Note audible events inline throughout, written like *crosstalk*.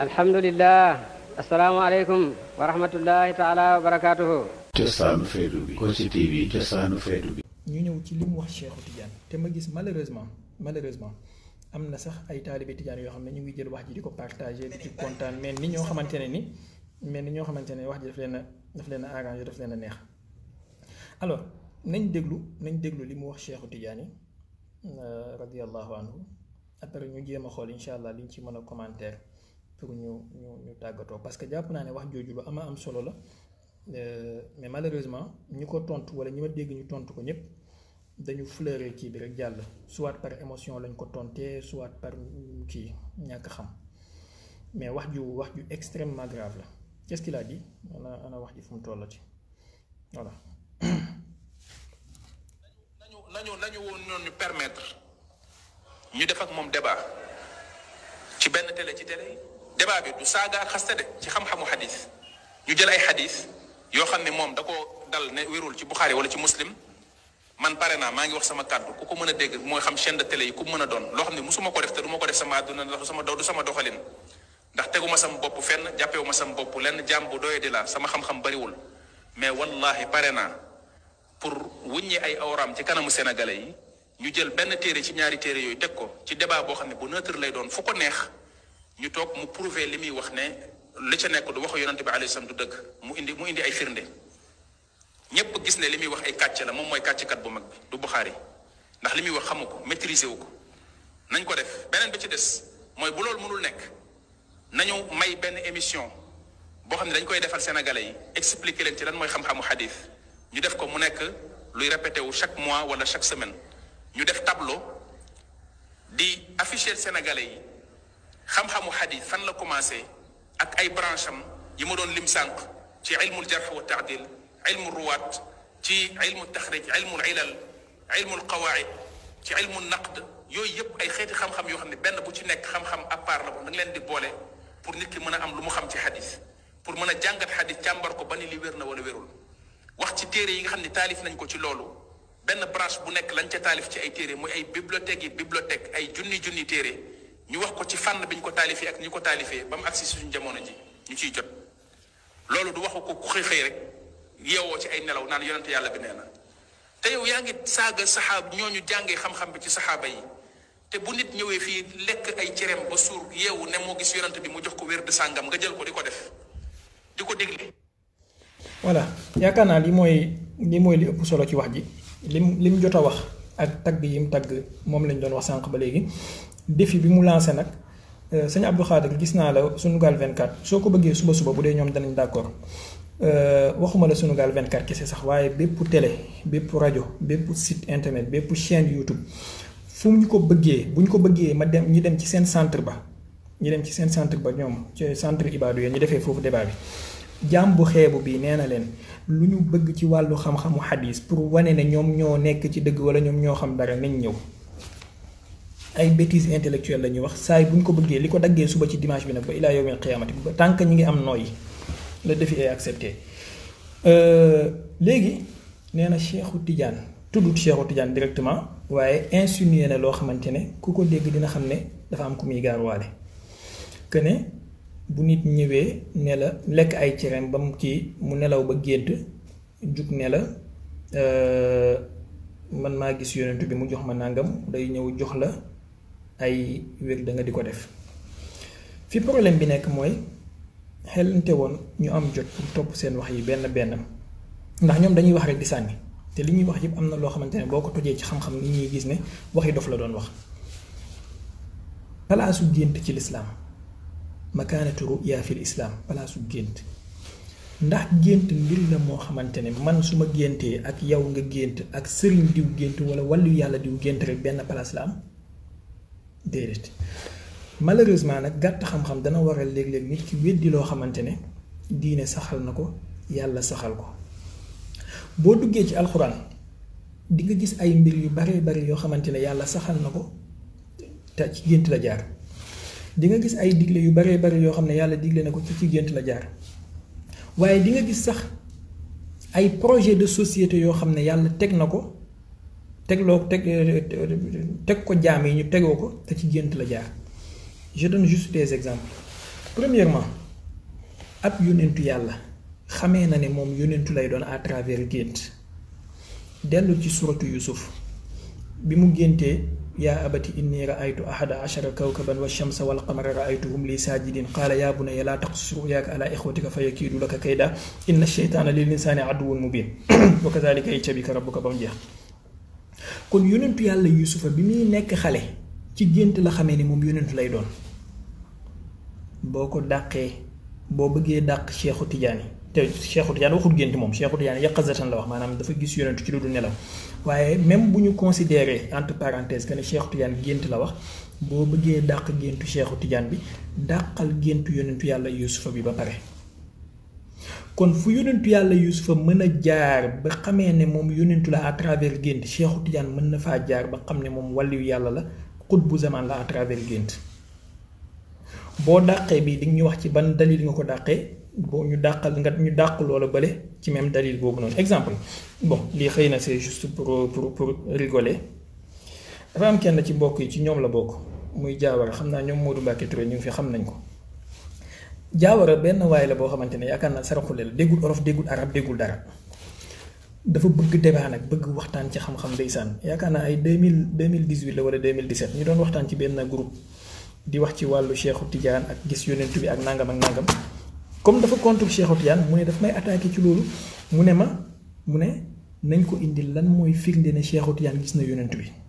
الحمد لله السلام عليكم ورحمة الله تعالى وبركاته جسانو فيدو بي تي بي جسانو فيدو نيو نيو تي لم وح شيخ تيجان تما جيس مالرزمان أم نسخ أي طالب تيجان يو خمني نيو جيل وح جيلي كو بارتاجي كونتان مين نيو خمان تيني مين نيو خمان تيني وح جيل فلينا فلينا آغان جيل نيخ ألو نين دقلو نين دقلو لم وح شيخ رضي الله عنه أبرو نيو جيما خول إن شاء الله لينشي منو كومنتر pour ñu ñu ñu parce que japp nañ wax jooju lu ama am solo la euh, mais malheureusement ñi tontu wala ñi ma dégg ñu tontu ko ñep dañu fleurer ki bi rek jàll soit par émotion lañ ko tonté soit par ki ñak xam mais wax ju wax ju extrêmement grave la qu'est-ce qu'il a dit ana ana wax ji fu mu tollati voilà. nañu nañu nañu won ñu permettre ñu def ak mom débat ci ben télé ci télé débat bi du saaga ak xaste de ci xam-xamu xadis ñu jël ay xadis yoo xam ne moom da ko dal ne wérul ci Buxaari wala ci muslim man pare naa maa ngi wax sama kàddu ku ko mën a dégg mooy xam chaîne de télé yi mën a doon loo xam ne musuma ko def te du ma ko def sama ndax doxalin ndax teguma sama bopp fenn jàppewu ma sama bopp lenn jàmm bu doyee di sama xam-xam bariwul mais wallahi pare naa pour wuññi ay awraam ci kanamu sénégalais yi ñu jël benn téere ci ñaari téere yooyu teg ko ci débat boo xam ne bu neutre lay doon fu neex ñu toog mu prouver li muy wax ne li ca nekk du waxu yonante bi alayhi salaam du dëgg mu indi mu indi ay firnde ñëpp gis ne li muy wax ay kàcc la moom mooy kàcckat bu mag bi du Buxaari ndax li muy wax xamu ko maîtriser wu ko nañ ko def beneen bi ci des mooy bu loolu mënul nekk nañu may benn émission boo xam ne dañ koy defal sénégalais yi expliquer leen ci lan mooy xam-xamu xadis ñu def ko mu nekk luy répété wu chaque mois wala chaque semaine ñu def tableau di afficher sénégalais yi xam-xamu hadith fan la commencé ak ay branche am yi ma doon lim sànq ci ilmul jarh wa taadil ilmu ruwat ci ilmu taxrij ilmul ilal ilmul qawaid ci ilmul naqd yooyu yëpp ay xeeti xam-xam yoo xam ne benn bu ci nekk xam-xam à part la boo da nga leen di boole pour nit ki mën a am lu mu xam ci hadith pour mën a jàngat hadith càmbar ko ba ni li wér na wala wérul wax ci téere yi nga xam ne taalif nañ ko ci loolu benn branche bu nekk lañ ca taalif ci ay téere muy ay bibliothèque yi bibliothèque ay junni junni téere ñu wax ko ci fànn bi ñu ko taalifee ak ñu ko taalifee ba mu agsi suñu jamono ji ñu ciy jot loolu du waxu ko ku xëy xëy rek yeewoo ci ay nelaw naan yonent yàlla bi nee na te yow yaa ngi saaga saxaab ñoo ñu jàngee xam-xam bi ci saxaaba yi te bu nit ñëwee fii lekk ay cereem ba suur yeewu ne moo gis yonent bi mu jox ko wér de sàngam nga jël ko di ko def di ko dégle voilà yaakaar naa li mooy li mooy li ëpp solo ci wax ji lim lim jot a wax ak tag yi moom lañ doon wax sànq ba léegi défi bi mu lancé nag euh, sëñ Abdou Khadir gis naa la Sunugal 24 soo ko bëggee suba suba bu dee ñoom danañ d'accord euh, waxuma la Sunugal 24 kese sax waaye bépp télé bépp rajo bépp sit internet bépp chaîne YouTube fu ñu ko bëggee bu ñu ko bëggee ma dem ñu dem ci seen centre ba ñu dem ci seen centre ba ñoom ci centre Ibadu ñu defee foofu débat bi. jaam bu xeebu bi nee na leen lu ñu bëgg ci wàllu xam-xamu xadis pour wane ne ñoom ñoo nekk ci dëgg wala ñoom ñoo xam dara nañ ñëw. ay bêtises intellectuelles la ñuy wax saay bu ñu ko bëggee li ko daggee suba ci dimanche bi nag ba ilaa yawmil qiyaamati ba tant que ñu ngi am nooyi le défi est accepté euh, léegi nee na Cheikhu Tidiane tuddut Cheikhu Tidiane directement waaye insinué na loo xamante ne ku ko dégg dina xam ne dafa am ku muy gaaruwaale que ne bu nit ñëwee ne la lekk ay cereem ba mu kii mu nelaw ba gént jug ne la euh, man maa gis yonentu bi mu jox ma nangam day ñëw jox la. ay wér da nga di ko def fi problème bi nekk mooy xelante woon ñu am jot pour topp seen wax yi benn benn ndax ñoom dañuy wax rek di sànni te li ñuy wax yëpp am na loo xamante ne boo ko tojee ci xam-xam ni ñuy gis ne yi dof la doon wax palaasu gént ci lislaam makaanatu ruya fi lislaam palaasu gént ndax gént mbir la moo xamante ne man su ma géntee ak yow nga gént ak sëriñ diw gént wala wàllu yàlla diw gént rek benn palaas la am déedéet malheureusement nag gàtt xam-xam dana waral léeg-léeg nit ki weddi loo xamante ne diine saxal na ko yàlla saxal ko boo duggee ci alxuraan di nga gis ay mbir yu baree bari yoo xamante ne yàlla saxal na ko te la jaar di nga gis ay digle yu baree bari yoo xam ne yàlla digle na ko ci ci gént la jaar waaye dinga gis sax ay projet de société yoo xam ne yàlla teg na ko tegloo teg eh, teg ko jaam yi ñu tegoo ko te ci gént la jaar je donne juste des exemples premièrement ab yonentu yàlla xamee na ne moom yonentu lay doon à travers gént dellu ci suratu yusuf bi mu géntee yaa abati inni raaytu ahada achara kawkaban wa shamsa wal qamara raaytuhum li saajidin qaala yaa bunayya laa taqsus ruyaaka ala ixwatika fa yakiidu laka kayda inna sheytaana lil insaani aduwun mubin *clears throat* wa kadalika yajtabika rabbuka ba bam jeex kon yonentu yàlla yusufa bi muy nekk xale ci gént la xamee ni moom yonentu lay doon boo ko dàqee boo bëggee dàq Cheikhu yi te Cheikhu Tidiane waxut gént moom Cheikhu Tidiane yaqazatan la wax maanaam dafa gis yonentu ci lu du nelaw waaye même bu ñu considéré entre parenthèse que ne Cheikhu gént la wax boo bëggee dàq géntu Cheikhu Tidiane bi dàqal géntu yonentu yàlla yusufa bi ba pare kon fu yonentu yàlla fa mën a jaar ba xamee ne moom yonentu la à travers gént Cheikhu Tidiane mën na faa jaar ba xam ne moom wàlliyu yàlla la xut bu zaman la à travers gént boo dàqee bii di ñu wax ci ban dalil nga ko dàqee boo ñu dàqal nga ñu dàq loola bële ci même dalil boobu noonu exemple bon lii xëy na c'est juste pour pour pour rigoler dafa am kenn ci mbokk yi ci ñoom la bokk muy jaawar xam naa ñoom Modou Mbacke Touré ñu ngi fi xam nañ ko jaawara benn waay la boo xamante ne yaakaar naa saraxule la déggul olof déggul arab déggul dara dafa bëgg débat nag bëgg waxtaan ci xam-xam ndeysaan yaakaar naa ay deux mille deux mille dix huit la wala deux mille dix sept ñu doon waxtaan ci benn groupe di wax ci wàllu Cheikhu Tidiane ak gis yonent bi ak nangam ak nangam comme dafa contre Cheikhu Tidiane mu ne daf may attaqué ci loolu mu ne ma mu ne nañ ko indil lan mooy firnde ne Cheikhu Tidiane gis na yonent bi.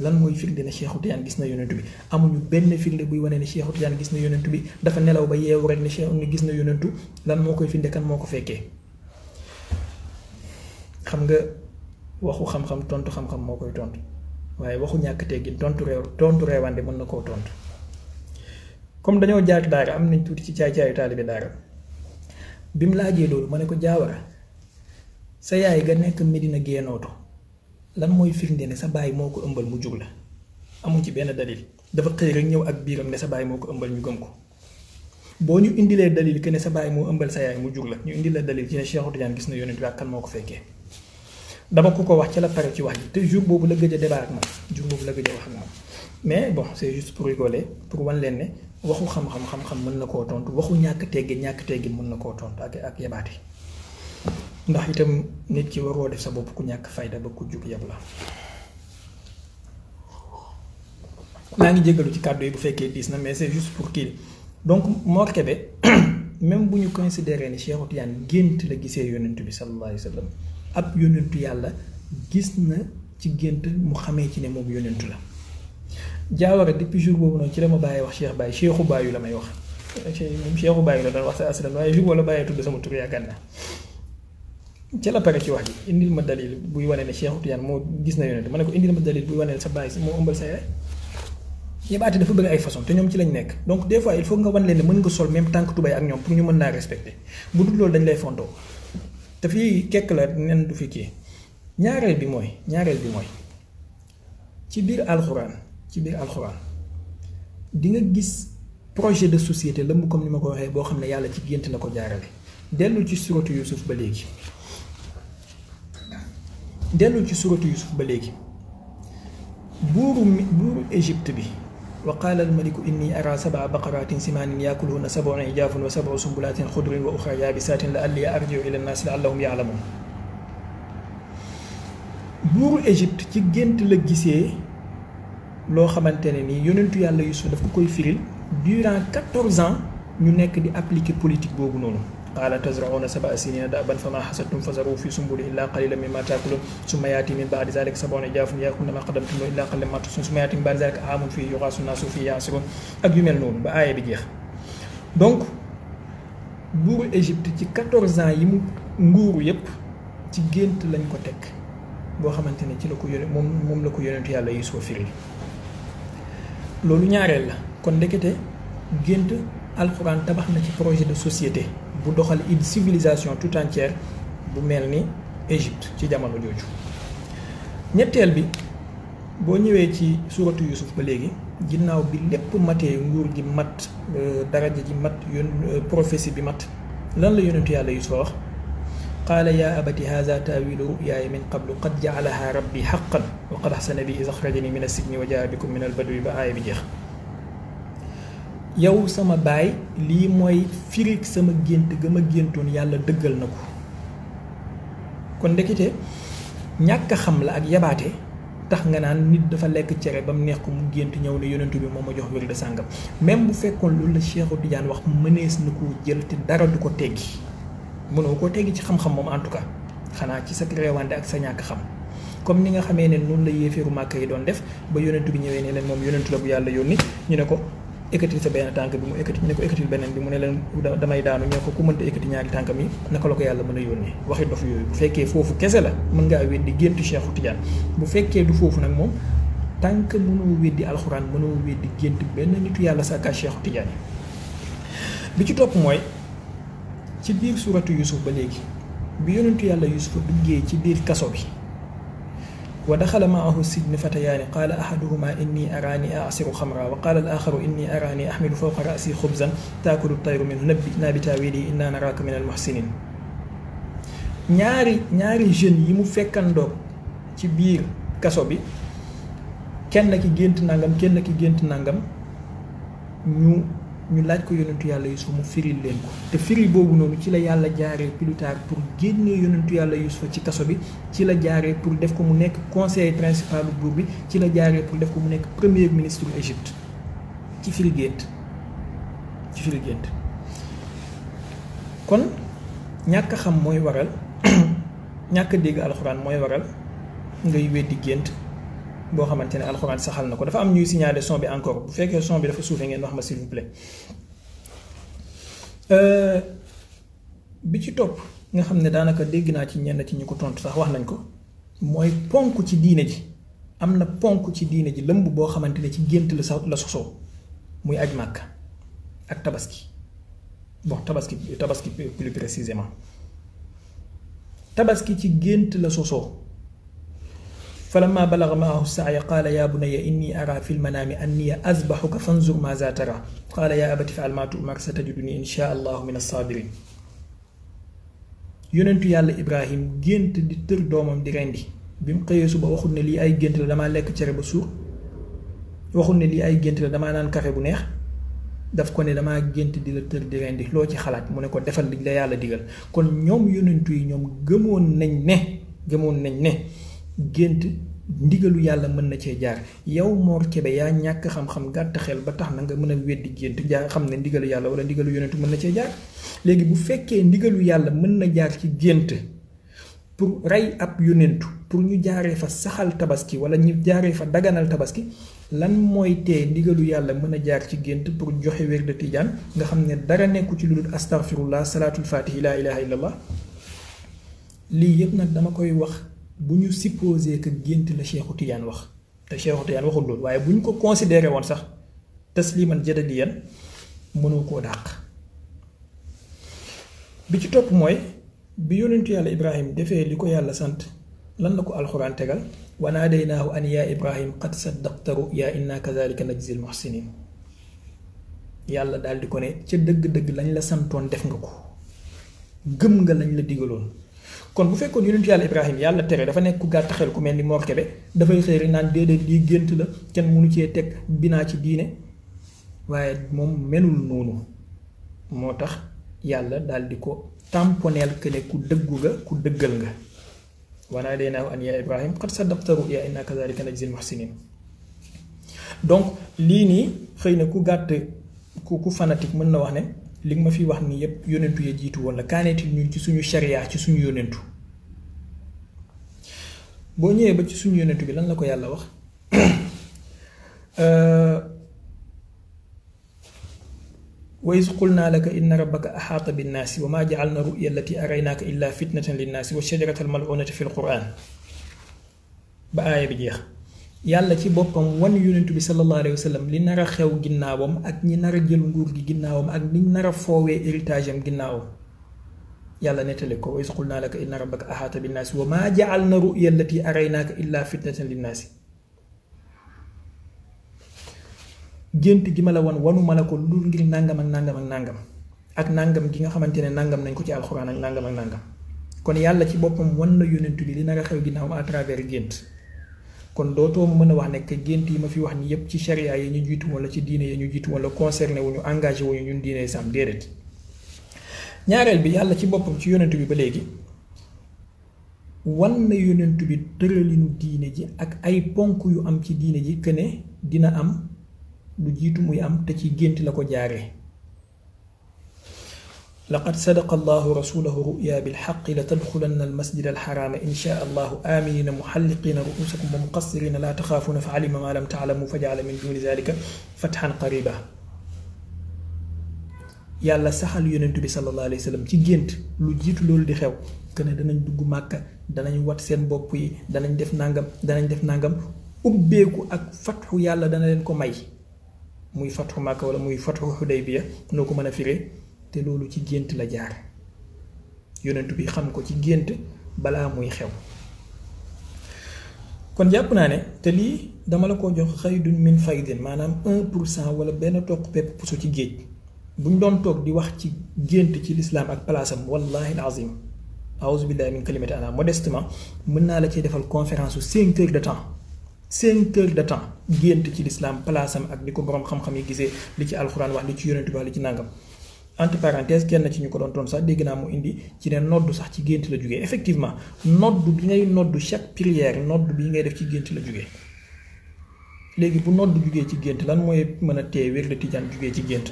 lan mooy firnde ne Cheikhu Tijaan gis na yonent bi amuñu benn firnde buy wane ne Cheikhu Tijaan gis na yonent bi dafa nelaw ba yeewu rek ni Cheikh ni gis na yonentu lan moo koy firnde kan moo ko fekkee nga waxu xam tontu xam moo koy tontu waaye waxu ñàkk teggin tontu réew tontu réewande mën na koo tontu comme dañoo jaar daara am nañ tuuti ci caay-caayu taalibe daara bi mu laajee loolu ma ne ko jaawara sa yaay ga nekk dina génnootu lan mooy firnde ne sa baay moo ko ëmbal mu jug la amuñ ci benn dalil dafa xëy rek ñëw ak biiram ne sa baay moo ko ëmbal ñu gëm ko boo ñu indilee dalil que ne sa baay moo ëmbal sa yaay mu jug la ñu indilee dalil ci ne Cheikh Tidiane gis na yonent bi ak kan moo ko fekkee dama ku ko wax ci la pare ci wax ji te boobu la gëj a débat ak man jour boobu la gëj a wax ak man mais bon c' est juste pour pour wan leen ne waxu xam-xam xam-xam mën na koo tontu waxu ñàkk teggin ñàkk teggin mën na koo tontu ak ak yebaate ndax itam nit ci waroo def sa bopp ku ñàkk fayda ba ku jug yab la maa ngi jégalu ci kàddu yi bu fekkee diis na mais c'est juste pour kii donc Mor Kébé *clears throat* même bu ñu considéré ni Cheikh Tidiane gént la gisee yonent bi sallallahu alayhi wa sallam ab yonentu yàlla gis na ci gént mu xamee ci ne moom yonentu la jaawara depuis jour boobu noonu ci la ma bàyyi wax Cheikh Baye Cheikhu Baye la may wax. moom Cheikhu Baye la doon wax sa aslan waaye jour wala bàyyee tudd sama tur ci la pare ci wax ji indil ma dalil buy wane ne Cheikh Tidiane moo gis na ne ma ne ko indil ma dalil buy wane ne sa baay moo ëmbal sa yaay yebaate dafa bëri ay façon te ñoom ci lañ nekk donc des fois il faut nga wan leen mën nga sol même tànk tubay ak ñoom pour ñu mën naa respecter bu dul loolu dañ lay fontoo te fii kekk la nen du fi kii ñaareel bi mooy ñaareel bi mooy ci biir alxuraan ci biir alxuraan di nga gis projet de société lëmb comme ni ma ko waxee boo xam ne yàlla ci gént la ko jaarale dellu ci suratu Yusuf ba léegi. دلو تي سورة يوسف بليك بورو بور إيجيبت بي وقال الملك إني أرى سبع بقرات سمان يأكلهن سبع عجاف وسبع سنبلات خضر وأخرى يابسات لألي أرجع إلى الناس لعلهم يعلمون بور إيجيبت تي جنت لجيسي لو خمانتيني ني يونتو يالا يوسف داف كوي فيريل دوران 14 ans ñu nek di appliquer politique bobu nonou قال تزرعون سبع سنين دابا فما حصدتم فزروا في سنبله الا قليلا مما تاكلون ثم ياتي من بعد ذلك سبع جاف يا كنا ما قدمتم الا قليلا ما تحصون ثم ياتي من بعد ذلك عام فيه يغاس الناس فيه ياسرون اك يمل نون بايه بجيخ دونك بور ايجيبت تي 14 ans يم نغور ييب تي غنت لا نكو تك بو خامتيني تي لاكو يوني موم موم لاكو يونت يالا يسو فيري لولو نياريل لا كون ديكيتي غنت القران تبخنا تي بروجي دو سوسيتي bu doxal une civilisation tout entière bu melni Égypte ci jamono joju ñettel bi bo ñewé ci sourate Yusuf ba légui ginnaw bi lépp maté nguur gi mat daraja ji mat yoon prophétie bi mat lan la yonentu yàlla Yusuf wax قال يا abati هذا تأويل ruyaaya من قبل قد جعلها ربي حقا وقد qad بي bi أخرجني من السجن وجاء بكم من البدو بآية albadwi yow sama baay lii mooy firi sama gént ga ma géntoon yàlla dëggal na ko kon ndekete ñàkk xam la ak yabaate tax nga naan nit dafa lekk cere ba mu neex ko mu gént ñëw ne yonent bi moom ma jox wér de sàngam même bu fekkoon loolu la Cheikhu Tidiane wax mënees na koo jël te dara du ko teggi mënoo koo teggi ci xam-xam moom en tout cas xanaa ci sa réewande ak sa ñàkk xam comme ni nga xamee ne noonu la yéeféeru màkk yi doon def ba yonent bi ñëwee ne leen moom yonentu la bu yàlla yónni ne ko ekati sa ben tank bi mu ekati ñu ne ko yëkkati beneen bi mu ne leen damay daanu ñoo ko ku mënta ekati ñaari tank mi naka lako yalla yàlla yoni waxi dof yoy bu fekke fofu kese la mën nga weddi gentu cheikhou Tidiane bu fekke du fofu nak mom tank mënoo weddi alcorane mënoo weddi gentu benn nitu sa ka cheikhou Tidiane bi ci top moy ci bir suratu Yusuf ba legi bi yonentu yalla Yusuf duggé ci bir kasso bi ودخل معه السجن فتيان قال أحدهما إني أراني أعصر خمرا وقال الآخر إني أراني أحمل فوق رأسي خبزا تأكل الطير منه نبئنا بتاويلي إنا نراك من المحسنين نياري نياري جن يمو mu fekkandoo كبير biir كان لكي جنت نانغم كان لكي جنت نانغم نيو ñu laaj ko yonentu yàlla Yuusuf mu firil leen ko te firil boobu noonu ci la yàlla jaaree plus tard pour génnee yonentu yàlla Yuusuf ci kaso bi ci la jaaree pour def ko mu nekk conseiller principal bu buur bi ci la jaaree pour def ko mu nekk premier ministre bu ci firi gént ci firi kon ñàkk xam mooy waral *coughs* ñàkk dégg alxuraan mooy waral ngay weddi gént bo xamante ne saxal nako dafa am ñuy signaler son bi encore bu fekkee son bi dafa suufee ngeen wax ma s'il vous plaît euh bi ci top nga xam danaka daanaka na ci ñenn ci ñu tontu sax wax nañ ko moy ponk ci diine ji amna na ponk ci diine ji lëmb bo xamante ci gént la sa la sosoo muy aj ak tabaski bon tabaski tabaski plus précisément tabaski ci gént la sosoo فلما بلغ معه السعي قال يا بني إني أرى في المنام أني أذبحك فانظر ماذا ترى قال يا أبت فعل ما تؤمر ستجدني إن شاء الله من الصابرين يننتو يا الله إبراهيم جنت دي تر دومم دي رندي بيم قيسو با واخو نلي أي جنت لما لك تشرب سوق waxul ne lii ay gént la damaa naan kafe bu neex daf ko ne damaa gént di la tër di reen di loo ci xalaat mu ne ko defal li la yàlla digal kon ñoom yonentu yi ñoom gëmoon nañ ne gëmoon nañ ne gént ndigalu yàlla mën na cee jaar yow Mor Kébé yaa ñàkk xam-xam gàtt xel ba tax na nga mën a weddi gént jaar xam ne ndigalu yàlla wala ndigalu yonentu mën na cee jaar léegi bu fekkee ndigalu yàlla mën na jaar ci gént pour rey ab yonentu pour ñu jaaree fa saxal tabaski wala jaaree fa daganal tabaski lan mooy tee ndigalu yàlla mën a jaar ci gént pour joxe wér de tijaan nga xam ne dara nekku ci lu dul astaghfirullah salaatul fatihi laa ilaha illallah lii yëpp nag dama koy wax bu ñu supposé que gént la Cheikhu Tidiane wax te Cheikhu Tidiane waxul loolu waaye bu ñu ko considéré woon sax tasliman jadaliyan mënoo koo dàq bi ci topp mooy bi yonentu yàlla Ibrahim defee li ko yàlla sant lan la ko alxuraan tegal wa naadaynaahu an yaa Ibrahim qad saddaqta ruyaa inna kazalika najzil muhsinin yàlla daal di ko ne ca dëgg-dëgg lañ la santoon def nga ko gëm nga lañ la digaloon kon bu fekkoon yonent yàlla ibrahim yàlla tere dafa nekk ku gàtt xel ku mel ni Mor Kébé dafay xëy rek naan déedéet lii gént la kenn munu cee teg binaa ci diine waaye moom melul noonu moo tax yàlla daal di ko tamponeel que ne ku dëggu ga ku dëggal nga wanaa day naaw an yaa Ibrahim qad saddaqta ruya inna kadalika najzi lmuxsinin donc lii nii xëy na ku gàtt ku ku fanatique mën na wax ne li nga ma fi wax ni yépp yonentu ya jiitu woon la kaaneetil ñun ci suñu sharia ci suñu yonentu boo ñëwee ba ci suñu yonentu bi lan la ko yàlla wax wa is qulna laka inna rabbaka axaata binnaasi wa maa jacalna ruya allati araynaaka illa fitnatan linnaasi wa shajarata almalcuunata fi alquran ba aaya bi jeex yàlla ci boppam wan yonent bi salallahu alayhi wa sallam li nar a xew ginnaawam ak ñi nar a jël nguur gi ginnaawam ak ni nar a foowee héritage am ginnaawam yàlla nettali ko wa iz qulnaa laka inna rabbaka bi binnaasi wa maa na ru'ya lati araynaaka illa fitnatan linnaasi gént gi ma la wan wanu ma la ko lu ngir nangam ak nangam ak nangam ak nangam gi nga xamante ne nangam nañ ko ci alxuraan ak nangam. ak nangam kon yàlla ci boppam wan na yonent bi li nar a xew ginnaawam à travers gént kon dootoo mën a wax nekk gént yi ma fi wax ni yépp ci charia yi ñu jiitu wala ci diine yi ñu jiitu wala concerné wu ñu engagé wu ñu ñun diine sam déedéet ñaareel bi yàlla ci boppam ci yonent bi ba léegi wan na yonent bi tëralinu diine ji ak ay ponk yu am ci diine ji ne dina am lu jiitu muy am te ci gént la ko jaaree لقد صدق الله رسوله رؤيا بالحق لتدخلن المسجد الحرام إن شاء الله آمنين محلقين رؤوسكم ومقصرين لا تخافون فعلم ما لم تعلموا فجعل من دون ذلك فتحا قريبا يا الله سحل ينتبه صلى الله عليه وسلم تجينت لجيت لول دخل كنا دنا ندق مكة دنا نوات سين بوبوي دنا ندف نعم دنا ندف نعم أبيكو أك فتح يا الله دنا لنكم أي مي فتح مكة ولا مي فتح حديبية نكم أنا te loolu ci gént la jaar yonent bi xam ko ci gént balaa muy xew kon jàpp naa ne te lii dama la ko jox xaydun min faydin maanaam un cent wala benn toq pepp puso ci géej ñu doon toog di wax ci gént ci lislaam ak palaasam wallahi alazim aouzu billahi min kalimati ana modestement mën naa la cee defal conférence su cinq heures de temps cinq heures de temps gént ci lislaam palaasam ak li ko boroom xam-xam yi gisee li ci alxuraan wax li ci yonent bi wax li ci nàngam entre parenthèse kenn ci ñu ko doon doon sax dégg naa mu indi ci ne noddu sax ci gént la jógee effectivement noddu bi ngay noddu chaque prière noddu bi ngay def ci gént la jógee léegi bu noddu jógee ci gént lan mooy mën a tee wér la tijaan jógee ci gént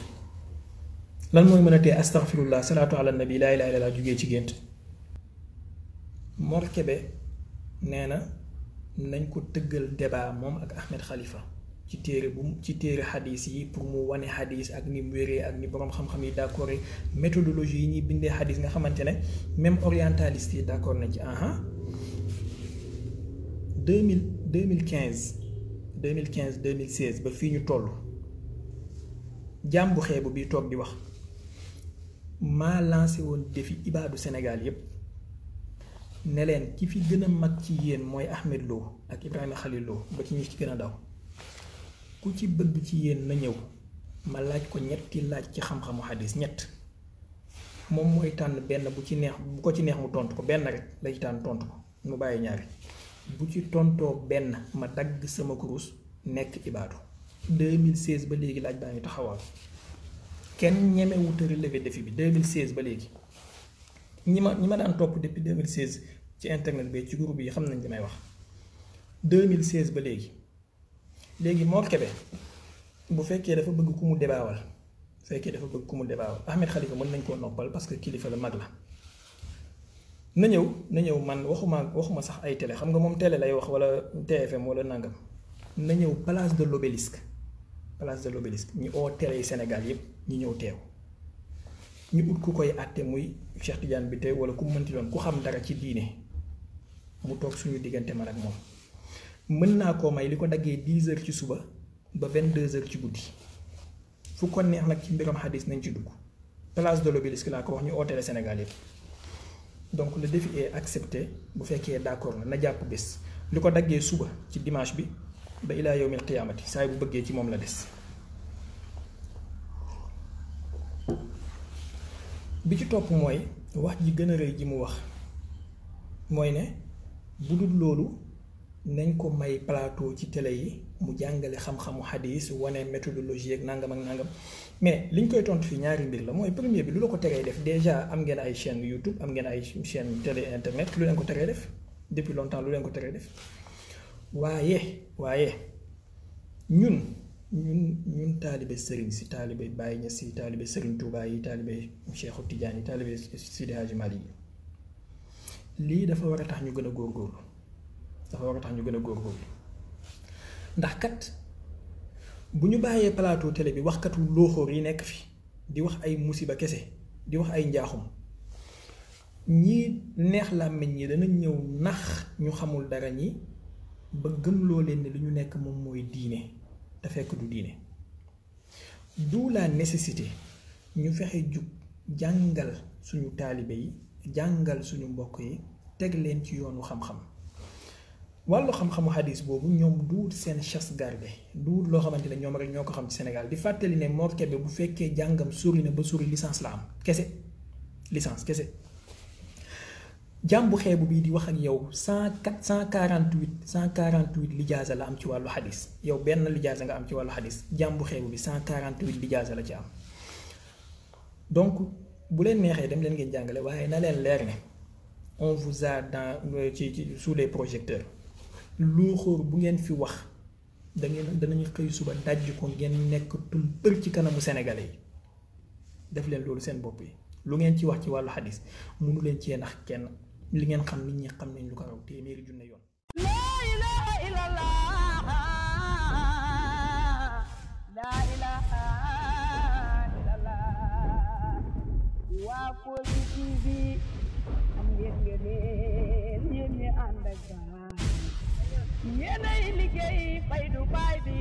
lan mooy mën a tee astaghfirullah salaatu ala nabi laa ilaaha illallaah jógee ci gént Mor Kébé nee na nañ ko tëggal débat moom ak Ahmed Khalifa ci téere bu ci téere xadis yi pour mu wane xadis ak ni mu ak ni borom xam-xam yi d' méthodologie yi ñuy bindee xadis nga xamante même orientaliste yi d' accord ci aha deux mille deux ba fii ñu toll jàmbu xeebu bi toog di wax maa lancé woon défi ibaadu Sénégal yépp ne leen ki fi gën a mag ci yéen mooy Ahmed Lo ak Ibrahima Khalil Lo ba ci ñu ci gën a daw. ku ci bëgg ci yéen na ñëw ma laaj ko ñetti laaj ci xam-xamu xadis ñett moom mooy tànn benn bu ci neex bu ko ci neex mu tontu ko benn rek la tànn tontu ko mu bàyyi ñaari bu ci tontoo benn ma dagg sama kurus nekk ibaadu 2016 ba léegi laaj baa ngi taxawal kenn ñemewut a relevé défi bi 2016 ba léegi ñi ma ñi ma daan topp depuis 2016 ci internet bi ci groupe yi xam nañ li may wax 2016 ba léegi léegi Mor Kébé bu fekkee dafa bëgg ku mu débaawal bu fekkee dafa bëgg ku mu débaawal Ahmed Khalifa mën nañ koo noppal parce que kilifa la mag la na ñëw na ñëw man waxuma waxuma sax ay télé xam nga moom télé lay wax wala TFM wala nangam na ñëw place de l'obélisque place de l'obélisque ñu oo télé yi Sénégal yépp ñu ñëw teew ñu ut ku koy àtte muy Cheikh Tidiane bi teew wala ku mënti doon ku xam dara ci diine mu toog suñu diggante man ak moom. mën naa koo may li ko daggee dix heures ci suba ba vingt deux ci guddi fu kon neex nag ci mbiram xadis nañ ci dugg place de l'Obélisque naa ko wax ñu ootele Sénégal donc la défi est accepté bu fekkee d'accord na na jàpp bés li ko daggee suba ci dimanche bi ba ilaa yawmil qiyaamati saa bu bëggee ci moom la des bi ci topp mooy wax ji gën a rëy ji mu wax mooy ne bu dul loolu nañ ko may plateau ci télé yi mu jàngale xam-xamu su wane méthodologie ak nangam ak nangam mais liñ koy tontu fi ñaari mbir la mooy premier bi lu la ko teree def déjà am ngeen ay chaîne YouTube am ngeen ay chaîne télé internet lu leen ko teree def depuis longtemps lu leen ko teree def waaye waaye ñun ñun ñun taalibe sëriñ si taalibe bàyyi Niass si taalibe sëriñ Touba yi taalibe Cheikhu Tidiane yi taalibe si Hadji Malick yi lii dafa war a tax ñu gën a dafa war a tax ñu gën a góorgóorlu ndax kat bu ñu bàyyee plateau tele bi waxkatu looxoor yi nekk fi di wax ay musiba kese di wax ay njaaxum ñii neex làmmiñ ñi dana ñëw nax ñu xamul dara ñi ba gëm loo leen li ñu nekk moom mooy diine te fekk du diine d'où la ñu fexe jug jàngal suñu taalibe yi jàngal suñu mbokk yi teg leen ci yoonu xam-xam wàllu xam-xamu hadis bobu ñom duut seen chasse garde. duut lo xamanteni ñom rek ñoko xam ci senegal di fàttali ne Mor Kébé bu fekkee jàngam sori na ba sori licence la am kese licence kese jàmbu xeebu bi di wax ak yow 148 148 cent lijaasa la am ci walu hadis yow ben lijaasa nga am ci walu hadis jàmbu xeebu bi 148 quarante lijaasa la ci am donc bu len nexé dem len ngeen jangale waye na leen leer ne on vous a dans euh, sous les projecteurs. luuxóor bu ngeen fi wax da ngeen danañu xey suba dajj ko ngeen nekk tum për ci kanamu sénégalais yi def leen loolu seen bopp yi lu ngeen ci wax ci wàllu xadis leen ci nax kenn li ngeen xam nit ñi xam nañ lu ko raw junne yoon la ilaha illallah wa ngeen ngeen ñi yéenay liggéey Faydu Baay bi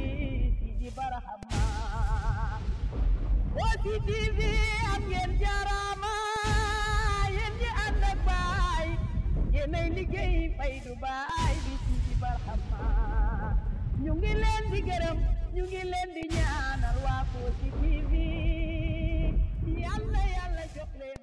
Sidi Barhama Kossy TV am ngeen jaaraama yéen ñi ànd ak Baay yéenay liggéey Faydu Baay bi Sidi Barhama ñu ngi leen di gërëm ñu ngi leen di ñaanal waa Kossy TV yàlla yàlla jox leen